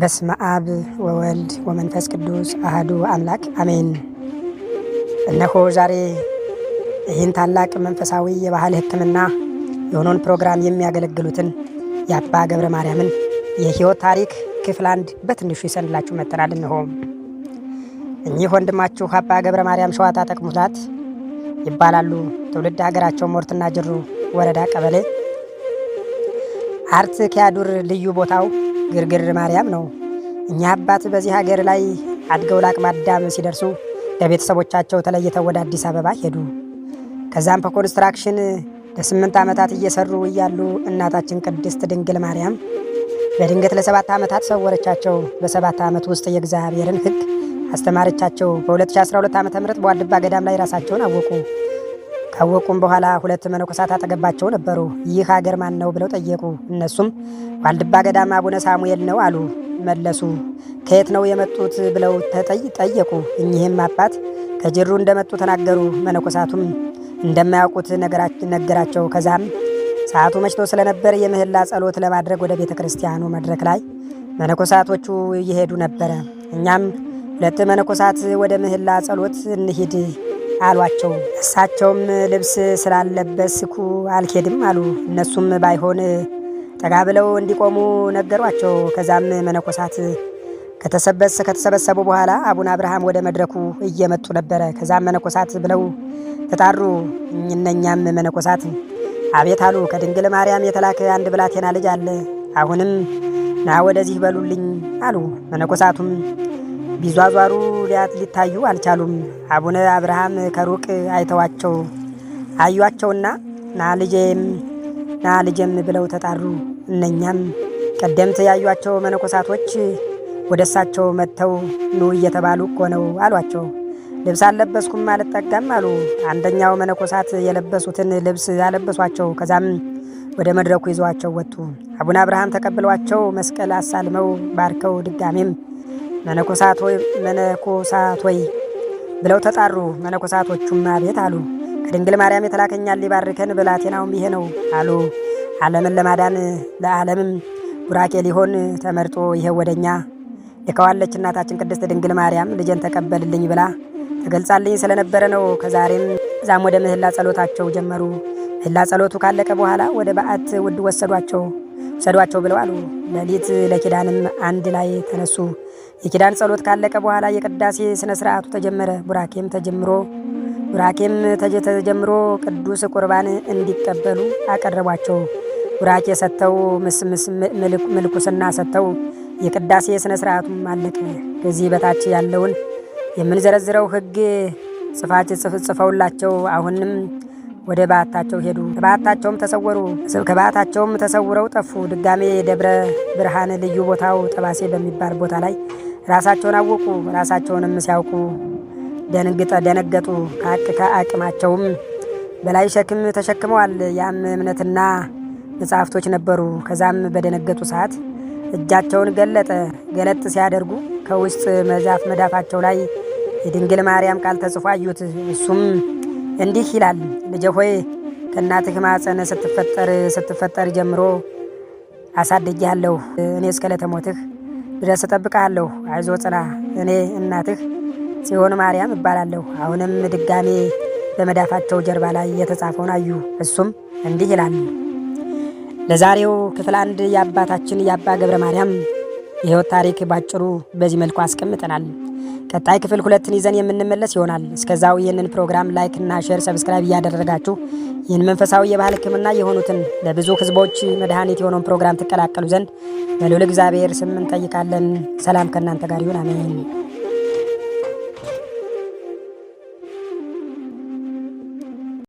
በስመ አብ ወወልድ ወመንፈስ ቅዱስ አህዱ አምላክ አሜን። እነሆ ዛሬ ይህን ታላቅ መንፈሳዊ የባህል ሕክምና የሆነውን ፕሮግራም የሚያገለግሉትን የአባ ገብረ ማርያምን የሕይወት ታሪክ ክፍል አንድ በትንሹ ይሰንላችሁ መጥተናል። እነሆ እኚህ ወንድማችሁ አባ ገብረ ማርያም ሸዋታ ጠቅሙላት ይባላሉ። ትውልድ ሀገራቸው ሞርትና ጅሩ ወረዳ ቀበሌ አርት ኪያዱር ልዩ ቦታው ግርግር ማርያም ነው። እኛ አባት በዚህ ሀገር ላይ አድገው ለአቅመ አዳም ሲደርሱ ለቤተሰቦቻቸው ተለይተው ወደ አዲስ አበባ ሄዱ። ከዛም በኮንስትራክሽን ለስምንት ዓመታት እየሰሩ እያሉ እናታችን ቅድስት ድንግል ማርያም በድንገት ለሰባት ዓመታት ሰወረቻቸው። በሰባት ዓመት ውስጥ የእግዚአብሔርን ሕግ አስተማረቻቸው። በ2012 ዓ ም በዋልድባ ገዳም ላይ ራሳቸውን አወቁ። ካወቁም በኋላ ሁለት መነኮሳት አጠገባቸው ነበሩ። ይህ ሀገር ማን ነው ብለው ጠየቁ። እነሱም ዋልድባ ገዳም አቡነ ሳሙኤል ነው አሉ። መለሱ። ከየት ነው የመጡት ብለው ጠየቁ። እኚህም አባት ከጅሩ እንደመጡ ተናገሩ። መነኮሳቱም እንደማያውቁት ነገራቸው። ከዛም ሰዓቱ መችቶ ስለነበር የምህላ ጸሎት ለማድረግ ወደ ቤተ ክርስቲያኑ መድረክ ላይ መነኮሳቶቹ ይሄዱ ነበረ። እኛም ሁለት መነኮሳት ወደ ምህላ ጸሎት እንሂድ አሏቸው። እሳቸውም ልብስ ስላለበስኩ አልኬድም አሉ። እነሱም ባይሆን ጠጋ ብለው እንዲቆሙ ነገሯቸው። ከዛም መነኮሳት ከተሰበሰቡ በኋላ አቡነ አብርሃም ወደ መድረኩ እየመጡ ነበረ። ከዛም መነኮሳት ብለው ተጣሩ። እነኛም መነኮሳት አቤት አሉ። ከድንግል ማርያም የተላከ አንድ ብላቴና ልጅ አለ። አሁንም ና ወደዚህ በሉልኝ አሉ። መነኮሳቱም ቢዟዟሩ ነውሪያት ሊታዩ አልቻሉም። አቡነ አብርሃም ከሩቅ አይተዋቸው አዩአቸውና ና ልጄም ና ልጄም ብለው ተጣሩ። እነኛም ቀደምት ያዩአቸው መነኮሳቶች ወደ እሳቸው መጥተው ኑ እየተባሉ እኮ ነው አሏቸው። ልብስ አልለበስኩም አልጠጋም አሉ። አንደኛው መነኮሳት የለበሱትን ልብስ አለበሷቸው። ከዛም ወደ መድረኩ ይዘዋቸው ወጡ። አቡነ አብርሃም ተቀብሏቸው መስቀል አሳልመው ባርከው ድጋሜም መነኮሳት ወይ ብለው ተጣሩ። መነኮሳቶቹም አቤት አሉ። ከድንግል ማርያም የተላከኛል ሊባርከን ብላቴናውም ይሄ ነው አሉ። ዓለምን ለማዳን ለዓለምም ቡራኬ ሊሆን ተመርጦ ይሄ ወደኛ ልከዋለች እናታችን ቅድስት ድንግል ማርያም ልጄን ተቀበልልኝ ብላ ተገልጻልኝ ስለነበረ ነው። ከዛሬም እዛም ወደ ምህላ ጸሎታቸው ጀመሩ። ምህላ ጸሎቱ ካለቀ በኋላ ወደ በዓት ውድ ወሰዷቸው። ሰዷቸው ብለዋል። ሌሊት ለኪዳንም አንድ ላይ ተነሱ። የኪዳን ጸሎት ካለቀ በኋላ የቅዳሴ ስነ ስርዓቱ ተጀመረ። ቡራኬም ተጀምሮ ቡራኬም ተጀምሮ ቅዱስ ቁርባን እንዲቀበሉ አቀረቧቸው። ቡራኬ ሰጥተው ምስምስ ምልኩስና ሰጥተው የቅዳሴ ስነ ስርዓቱም አለቀ። ከዚህ በታች ያለውን የምንዘረዝረው ህግ ጽፋች ጽፈውላቸው አሁንም ወደ ባታቸው ሄዱ። ከባታቸውም ተሰወሩ። ከባታቸውም ተሰውረው ጠፉ። ድጋሜ የደብረ ብርሃን ልዩ ቦታው ጠባሴ በሚባል ቦታ ላይ ራሳቸውን አወቁ። ራሳቸውንም ሲያውቁ ደነገጡ። ከአቅማቸውም በላይ ሸክም ተሸክመዋል። ያም እምነትና መጽሐፍቶች ነበሩ። ከዛም በደነገጡ ሰዓት እጃቸውን ገለጠ ገለጥ ሲያደርጉ ከውስጥ መዛፍ መዳፋቸው ላይ የድንግል ማርያም ቃል ተጽፎ አዩት። እሱም እንዲህ ይላል። ልጄ ሆይ ከእናትህ ማፀነ ስትፈጠር ስትፈጠር ጀምሮ አሳድጌሃለሁ። እኔ እስከ ለተሞትህ ድረስ እጠብቅሃለሁ። አይዞ ጽና። እኔ እናትህ ጽዮን ማርያም እባላለሁ። አሁንም ድጋሜ በመዳፋቸው ጀርባ ላይ የተጻፈውን አዩ። እሱም እንዲህ ይላል። ለዛሬው ክፍል አንድ የአባታችን የአባ ገብረ ማርያም የህይወት ታሪክ ባጭሩ በዚህ መልኩ አስቀምጠናል። ቀጣይ ክፍል ሁለትን ይዘን የምንመለስ ይሆናል። እስከዛው ይህንን ፕሮግራም ላይክ እና ሼር፣ ሰብስክራይብ እያደረጋችሁ ይህን መንፈሳዊ የባህል ሕክምና የሆኑትን ለብዙ ህዝቦች መድኃኒት የሆነውን ፕሮግራም ትቀላቀሉ ዘንድ በልዑል እግዚአብሔር ስም እንጠይቃለን። ሰላም ከእናንተ ጋር ይሁን። አሜን።